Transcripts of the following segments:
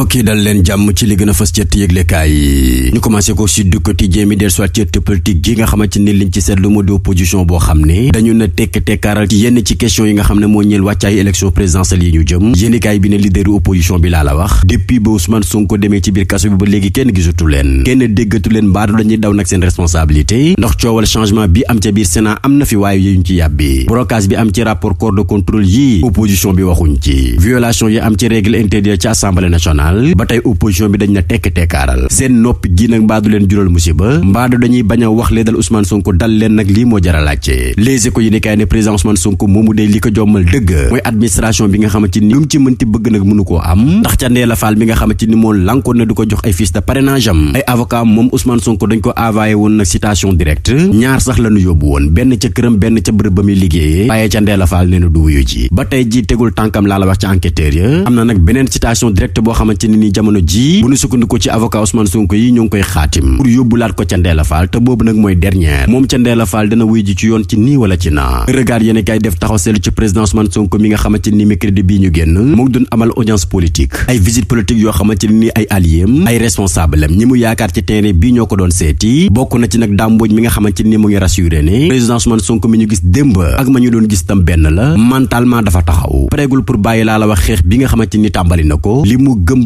mbokk yi dal leen jàmm ci li gën a fës ci yëglekaay yi ñu commencé ko Sud Quotidien mi del soit ci politique gi nga xamante ni liñ ci seetlu mu di opposition boo xam ne dañu na tekk tekkaaral ci yenn ci question yi nga xam ne moo ñeel wàccaay élection présidentielle yi ñu jëm yéenikaay bi ne leaderu opposition bi laa la wax depuis ba Ousmane Sonko demee ci biir kaso bi ba léegi kenn gisatu leen kenn déggatu leen mbaadu dañuy daw nag seen responsabilité bi am ca biir Sénat am national ba tey opposition bi dañ na tekk tekkaaral seen noppi gi nag mbaadu leen jural musiba mbaadu dañuy bañ a wax lee dal Ousmane Sonko dal leen nag lii moo jara laajte Les Échos yi ni président Ousmane Sonko moomu day li ko jommal dëgg mooy administration bi nga xamante ci ni moom lankoon na du ko jox ay fiches de parrainage ay avocat moom Ousmane Sonko dañ ko envoyé woon nag citation directe ñaar sax la ñu yóbbu woon benn ca këram benn ca bërëb ba la wax ci xamante ne ni jamono ji bu nu sukkandiku ci avocat Ousmane Sonko yi ñoo ngi koy xaatim pour yóbbulaat ko ca Ndeela Fall te boobu nag mooy dernière moom ca Ndeela dana wuy ji ci yoon ci nii wala ci naa regard yéen kay def taxaw seetlu ci président Ousmane Sonko mi nga xamante ni mercredi ay visite ay alliéem ñi mu yaakaar ci terrain bii ñoo ko doon seeti bokk na ci nag dàmbooj mi nga xamante ni mu ngi rassuré ne président Ousmane Sonko mi ñu gis démb bi nga xamante ni tàmbali na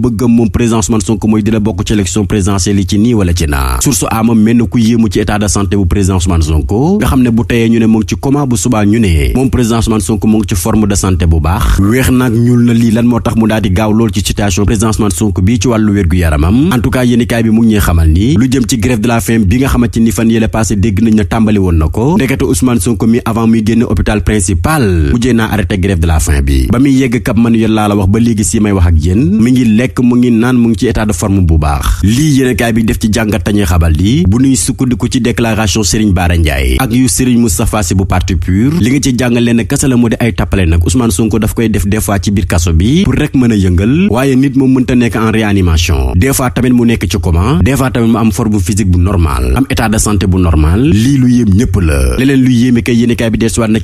bëggam moom président Ousmane Sonko dina bokk ci élection présidentielle yi ci nii wala ci naa source amam mel na ku yéemu ci état de santé bu président Ousmane nga xam ne bu teyee ñu ne mu ci coma bu subaa ñu ne moom président Ousmane Sonko ci forme de santé bu baax weex nag ñuul na lii lan moo tax mu daal gaaw lool ci situation président Ousmane Sonko ci wàllu wér yaramam en tout bi mu ngi xamal ni lu jëm ci grève de la faim bi nga xamante ni fan fekk mu ngi naan mu ngi ci état de forme bu baax lii yéenekaay bi def ci jàngat tañuy xabal a yëngal waaye nit moom mënta nekk en réanimation des fois tamit mu nekk ci coma des na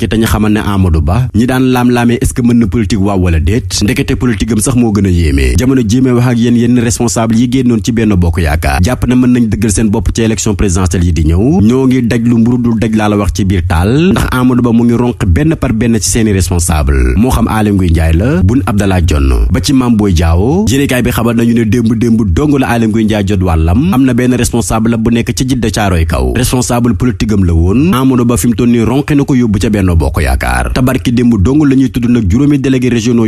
ci Ba ñi daan laam-laamee est mën na politique waaw wala déet ndekete politique sax moo gën a yéeme jéemee wax ak yéen yenn responsable yi génnoon ci benn bokk yaakaar jàpp na mën nañ dëggal seen bopp ci élection présidentielle yi di ñëw ñoo ngi daj lu mburu dul daj laa la wax ci biir taal ndax Amadou Ba mu ngi ronq benn par benn ci seeni responsable moo xam Aly Ngouille Ndiaye la Boun Abdallah Dionne ba ci Mame Boye Diao yéenekaay bi xabar nañu ne démb démb dong la Aly Ngouille Ndiaye jot wàllam am na benn responsable la bu nekk ci jidda caaroy kaw responsable politique am la woon Amadou Ba fi mu toll la ñuy tudd nag juróomi ñu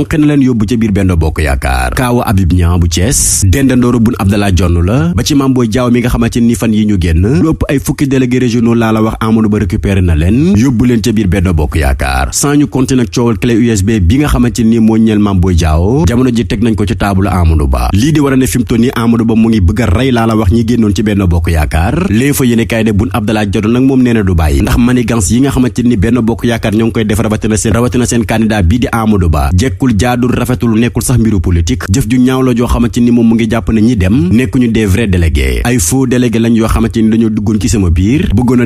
ngi sànq na leen yóbbu ca biir Benno Bokk Yaakaar kaawa Habib Niang bu Thiès dendandooru Boun Abdallah Dionne la ba ci Mame Boye Diao mi nga xamante ni fan yi ñu génn lu ëpp ay fukki délégués régionaux laa la wax Amadou Ba récupéré na leen yóbbu leen ca biir Benno Bokk Yaakaar sans ñu coowal clé USB bi nga xamante ni moo ñeel Mame jamono ji teg nañ ko ci taabalu Amadou Ba lii di war a ne fi mu toll Ba mu ngi bëgg rey laa la wax ñi génnoon ni Benno Bokk Yaakaar ñoo ngi jaaduwul jaadul ci sama biir bëggoon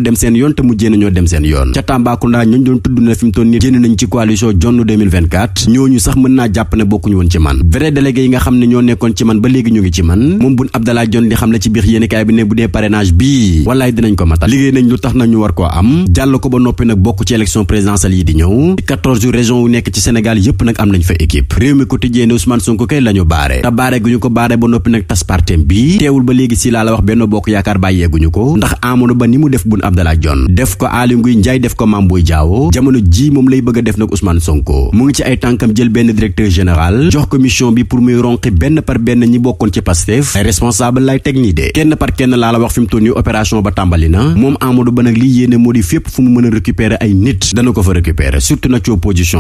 Jonn ñooñu sax mën naa jàpp ne bokkuñu woon ci man vrai délégués yi nga xam ne ñoo nekkoon ci man ba léegi ñu ngi ci man moom Boun Abdallah Dionne di xam la ci biir yéenekaay bi ne bu dee parrainage bii wallaay dinañ ko matal liggéey nañ lu tax nañu war koo am jàll ko ba noppi nag bokk ci élection présidentielle yi di ñëw 14 régions yu nekk ci Sénégal yépp nag am nañ fa équipe réew mi quotidien ne Ousmane Sonko kay la baare te baare ko baare ba noppi nag tas partem bii teewul ba léegi si laa la wax benn bokk yaakaar bàyyeeguñu ko ndax Amadou Ba ni mu def Boun Abdallah Dionne def ko Aly Ngouille def ko Mame Boye Diao jamono ji moom lay bëgg a def nag Ousmane Sonko mu ngi ci ay tànkam jël benn directeur général jox ko mission bi pour muy ronqi benn par benn ñi bokkoon ci Pastef ay responsable lay teg nii de kenn par kenn laa la wax fi na moom Amadou Ba nag lii yéene moo di a récupérer ay nit dana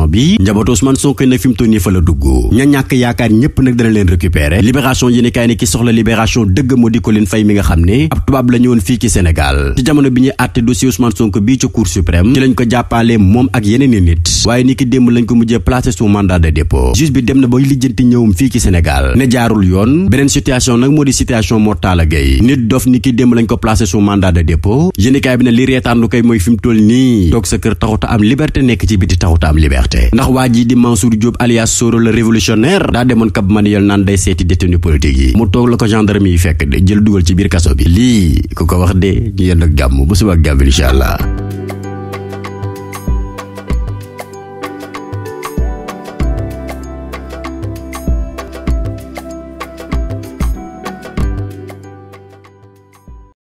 bi Mauritanie fa la dugg ña ñàkk yaakaar ñépp nag dana leen récupérer libération yéene kaay ki soxla libération dëgg moo di Colline Faye mi nga xam ne ab tubaab la ñëwoon fii ci Sénégal ci jamono bi ñuy àtte dossier Ousmane Sonko bii ci cour suprême ci lañ ko jàppaale moom ak yeneen i nit waaye ni ki démb lañ ko mujjee placé sous mandat de dépôt juge bi dem na bay lijjanti ñëwum fii ci Sénégal ne jaarul yoon beneen situation nag moo di situation mortale alias Soro le révolutionnaire daa demoon Cap Manuel naan day seeti détenu politique yi mu toog la ko gendarme yi fekk de jël dugal ci biir kaso bi lii ku ko wax de ñu yenn ak jàmm bu suba ak jàmm allah